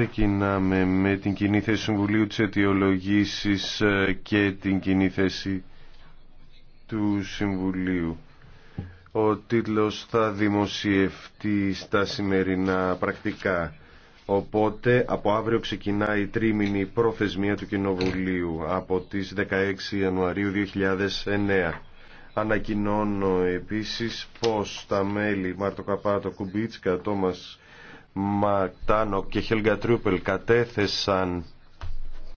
Ξεκινάμε με την κοινή θέση Συμβουλίου της Αιτιολογήσης ε, και την κοινή θέση του Συμβουλίου. Ο τίτλος θα δημοσιευτεί στα σημερινά πρακτικά. Οπότε από αύριο ξεκινάει η τρίμηνη προθεσμία του Κοινοβουλίου από τις 16 Ιανουαρίου 2009. Ανακοινώνω επίσης πως τα μέλη Μάρτο Καπάτο Κουμπίτσκα, Τόμας Μακτάνο και Χέλγα κατέθεσαν